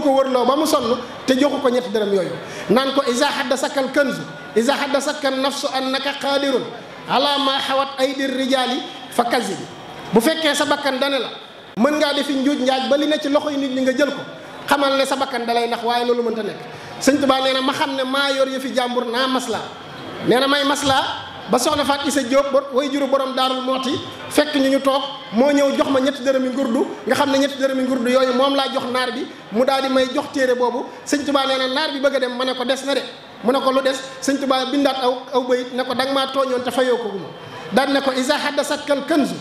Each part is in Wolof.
ko wërloo ba mu sonn te joxu ko ñetti dërëm yooyu naan ko isa haddasaka al kanzu isa haddasaka an nafsu annaka qadirun ala ma xawat aydi rijaali fa kazibi bu fekkee sa bakkan dane la mën ngaa defi njuuj njaaj ba li ne ci loxoy nit li nga jël ko xamal ne sa bakkan dalay nax waaye loolu mënta nekk sëñ Tuubaa nee na ma xam ne maa yor yëfi jàmbur naa maslaa nee na may maslaa ba soxna Faat Isa Jóob bot way juru borom daarul mooti fekk ñu ñu toog moo ñëw jox ma ñetti dërëmi ngurdu nga xam ne ñetti dërëmi ngurdu yooyu moom laa jox naar bi mu daal di may jox téere boobu sëñ Tuubaa nee na naar bi bëgg a dem ma ne ko des na de mu ne ko lu des sëñ Tuubaa bindaat aw aw bayit ne ko danga maa tooñoon te fayoo ko guma daan ne ko isa haddasatkal kanzu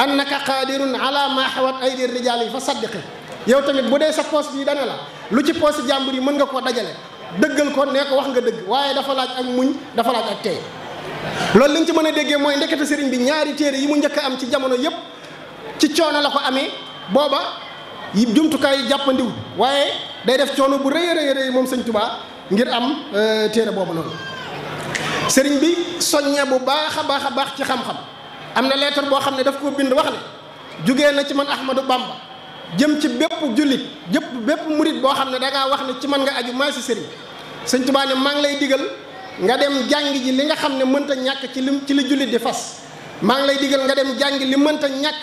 annaka qaadirun ala ma xawat aydi rijaal yi fa saddiqi yow tamit bu dee sa poos bii dana la lu ci poosi jàmbur yi mën nga koo dajale dëggal ko nee wax nga dëgg waaye dafa laaj ak muñ dafa laaj ak tey loolu lañ ci mën a déggee mooy ndekete sëriñ bi ñaari téere yi mu njëkk am ci jamono yépp ci coono la ko amee booba yi jumtukaay yi jàppandiw waaye day def coono bu rëy a rëy moom sëñ Tuubaa ngir am euh, téere boobu noonu sëriñ bi soññee bu baax a baax a baax ci xam-xam am na lettre boo xam ne daf ko bind wax ne jugee na ci man Ahmadou Bamba jëm ci bépp jullit jëpp bépp murit boo xam ne da ngaa wax ne ci man nga aju maa si sëriñ sëñ Tuubaa ne maa ngi lay digal nga dem jàng ji li nga xam ne mënta ñàkk ci lim ci li jullit di fas maa ngi lay digal nga dem jàng li mënta ñàkk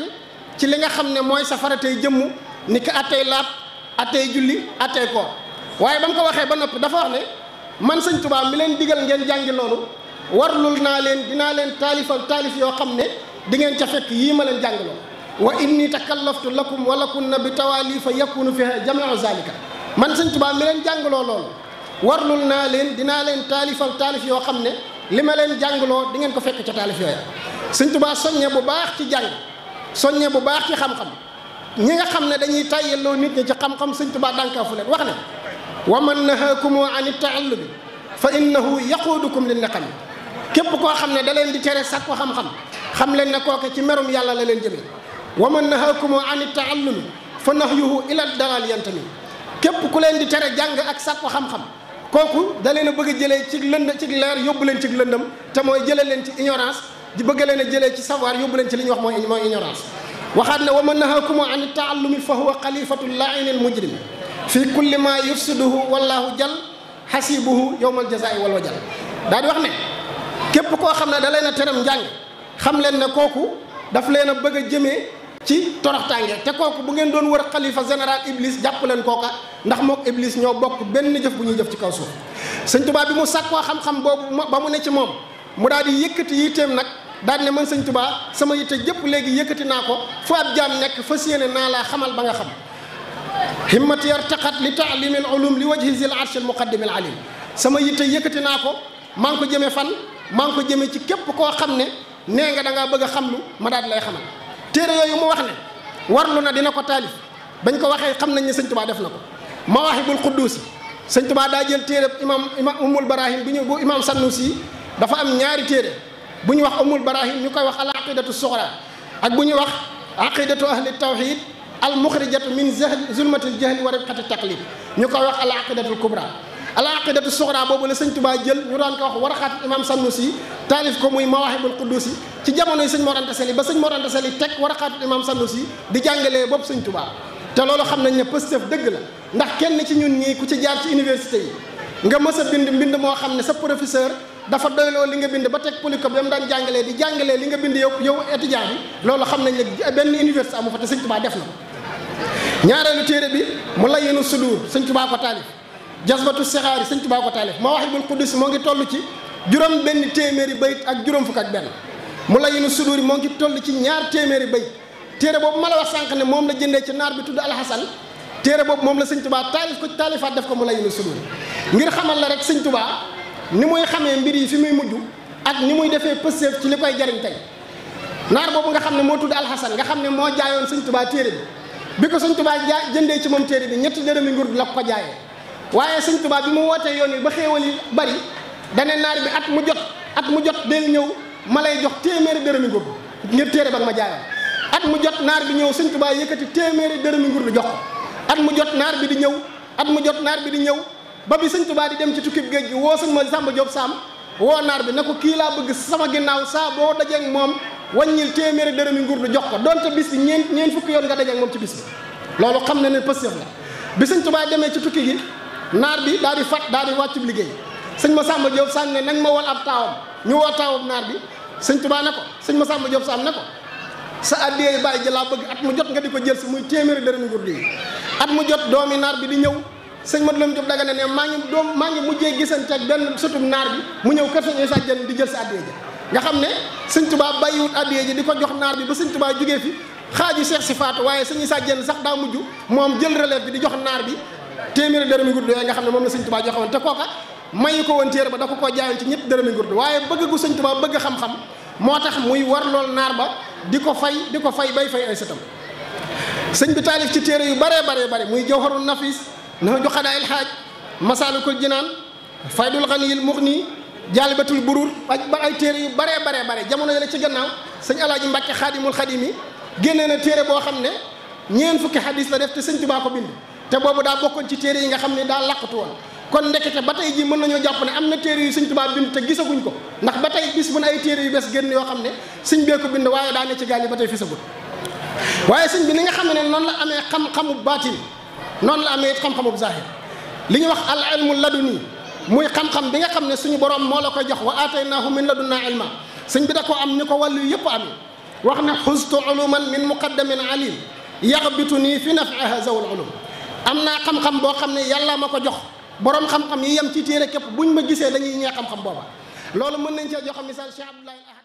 ci li nga xam ne mooy sa faratay jëmm ni ki attey laat attey julli attey ko waaye ba mu ko waxee ba noppi dafa wax ne man sëñ Tuubaa mi leen digal ngeen jàngi loolu warlul naa leen dinaa leen taalifal taalif yoo xam ne di ngeen ca fekk yii ma leen jàngaloo wa inni takallaftu lakum wa lakunna bi tawaalifa yakunu fiha jamiu zalika man sëñ Tuubaa mi leen jàngaloo loolu warlul naa leen dinaa leen taalifal taalif yoo xam ne li ma leen jàngloo di ko fekk ca taalif yooya sëñ Tuubaa soññe bu baax ci jàng soññe bu baax ci xam-xam ñi nga xam ne dañuy tàyyelloo nit ñi ci xam-xam sëñ Tuubaa dànkaafu leen wax ne wa man nahaakumu ani taallumi fa innahu yaquudukum lin naqam képp koo xam ne da leen di tere sàkku xam-xam leen ne kooke ci merum yàlla la leen jëmee wa man nahaakumu ani taallumi fa nahyuhu ila dalal yantami képp ku leen di tere jàng ak sàkku xam-xam kooku da leen a bëgg a jëlee ci lënd ci leer yóbbu leen ci lëndam te mooy jëlee leen ci ignorance di bëgg leen a jëlee ci savoir yóbbu leen ci li ñu wax mooy mooy ignorance waxaat ne wa man nahakum an taallumi fa huwa xalifatu laini al mujrim fi kulli ma yufsiduhu wallahu jal xasibuhu yowmal jazaai wal wajal daal di wax ne képp koo xam ne da leen a teram njàng xam leen ne kooku daf leen a bëgg a jëme ci toroxtaange te kooku bu ngeen doon wër xalifa général iblis jàpp leen kooka ndax mook iblis ñoo bokk benn jëf bu ñuy jëf ci kaw suuf sëñ Tuubaa bi mu sàkkoo xam-xam boobu ba mu ne ci moom mu daal di yëkkati yitteem nag daal ne man sëñ Tuubaa sama yitte jëpp léegi yëkkati naa ko fu ab jaam nekk fa yéene naa laa xamal ba nga xam himmati yartaqat li taalimil ulum li wajhi zil arshil muqaddimil alim sama yitte yëkkati naa ko maa ko jëme fan maa ngi ko jëme ci képp koo xam ne nee nga da ngaa bëgg a xam lu ma daal lay xamal téere yooyu mu wax ne warlu na dina ko taalif bañ ko waxee xam nañ ne sëñ Tuubaa def na ko Mawaahibul Quddus sëñ Tuubaa daa jël téere imam imam Umul Barahim bu ñu bu imam Sanusi dafa am ñaari téere bu ñu wax Umul Barahim ñu koy wax al aqidatu suxra ak bu ñu wax aqidatu ahli tawhid al muxrijatu min zulmatil jahli wa ribxati taqlid ñu koy wax al aqidatul kubra al aqidatu suxra boobu la sëñ Tuubaa jël ñu daan ko wax warxaat imam Sanusi taalif ko muy Mawaahibul Quddus ci jamono yi sëñ Mor Anta ba sëñ Mor Anta Sali teg waraqaatul imaam Sanusi di jàngalee bopp sañ Tuubaa te loolu xam nañ ne positif dëgg la ndax kenn ci ñun ñii ku ci jaar ci université yi nga mës a bind mbind moo xam ne sa professeur dafa doyloo li nga bind ba teg polycop yam daan jàngalee di jàngalee li nga bind yow yow étudiant bi loolu xam nañ ne benn université amu fa te sëñ Tuubaa def na ko ñaareelu téere bi mu layinu sudur sëñ Tuubaa ko taalif jasbatu sexaari sëñ Tuubaa ko taalif moo wax moo ngi toll ci juróom benn téeméeri bayit ak juróom fukk ak mu la yinu suduur yi moo ngi toll ci ñaar téeméeri bay téere boobu ma la wax sànq ne moom la jëndee ci naar bi tudd alxasan téere boobu moom la sëñ tubaa taalif ko taalifaat def ko mu la yinu ngir xamal la rek sëñ tubaa ni muy xamee mbir yi fi muy mujj ak ni muy defee pëstéef ci li koy jariñ tey naar boobu nga xam ne moo tudd alxasan nga xam ne moo jaayoon sëñ tubaa téere bi bi ko sëñ tubaa jaa jëndee ci moom téere bi ñetti dërëmi nguur la ko jaayee waaye sëñ tubaa bi mu wootee yoon yi ba xéewal yi bari dane naar bi at mu jot ak mu jot del ñëw ma lay jox téeméeri dërëmi ngur ngir téere ba ma jaayal at mu jot naar bi ñëw sëñ Tuubaa yëkkati téeméeri dërëmi ngur di jox at mu jot naar bi di ñëw at mu jot naar bi di ñëw ba bi sëñ Tuubaa di dem ci tukkib géej gi woo sëñ ma Samba Diop Sam woo naar bi na ko kii laa bëgg sama ginnaaw saa boo dajeeg moom wàññil téeméeri dërëmi ngur di jox ko donte bis bi ñeent ñeent fukki yoon nga dajeeg moom ci bis bi loolu xam na ne pëstéef la bi sëñ Tuubaa demee ci tukki gi naar bi daal di fat daal di wàccub liggéey sëñ ma Masamba Diop Saam ne nañ ma wol ab taawam ñu woo taawam naar bi sëñ Tuubaa ne ko sëñ ma Masamba Diop am ne ko sa addiyee bàyyi ji laa bëgg at mu jot nga di ko jël si muy téeméeri dërëm nguur di at mu jot doomi naar bi di ñëw sëñ Modou Lam Diop daga ne ne maa ngi doom maa ngi mujjee gisante ak benn sëtum naar bi mu ñëw kër di jël si addiyee ji nga xam ne sëñ Tuubaa bàyyiwut addiyee ji di ko jox naar bi ba sëñ Tuubaa jógee fi xaaju seex si faatu waaye sëñ Issa sax daa mujj moom jël relève bi di jox naar bi téeméeri dërëm nguur di nga xam ne moom la sëñ Tuubaa joxe woon te kooka mayu ko woon téere ba dafa koo jaayoon ci ñett dërëmi ngurdu waaye bëgg gu sëñ Tuubaa bëgg xam-xam moo tax muy war lool naar ba di ko fay di ko fay bay fay ay sëtam sëñ bi taalif ci téere yu baree baree bare muy jawharun nafis nafa ju xadaayil xaaj masaalikul jinaan faydul xaniyil muxni jaalibatul burur ak ba ay téere yu baree baree bare jamono yële ci gannaaw sëñ alaaji mbàkke xaadimul xadimi génnee na téere boo xam ne ñeen fukki xadis la def te sëñ Tuubaa ko bind te boobu daa bokkoon ci téere yi nga xam ne daa làqatu woon kon ndekete ba tey jii mën nañoo jàpp ne am na téere yu sëñ Tuubaa bind te gisaguñ ko ndax ba tey gis bu ay téere yu bees génn yoo xam ne sëñ bee ko bind waaye daa ne ci gaal yi ba tey fisagul waaye sëñ bi ni nga xam ne noonu la amee xam-xamu baatin noonu la amee it xam-xamu zahir li ñuy wax al ilmu laduni muy xam bi nga xam ne suñu borom moo la koy jox wa aataynaahu min ladunnaa ilma sëñ bi da koo am ni ko wàllu yëpp amee wax ne xustu uluman min muqaddamin alim yaxbitu nii fi nafaaha zawul ulum am naa xam-xam boo xam ne yàlla ma ko jox borom xam-xam yi yem ci téere képp buñ ma gisee dañuy ñee xam-xam booba loolu mën nañ cee joxe misaal Cheikh Abdoulaye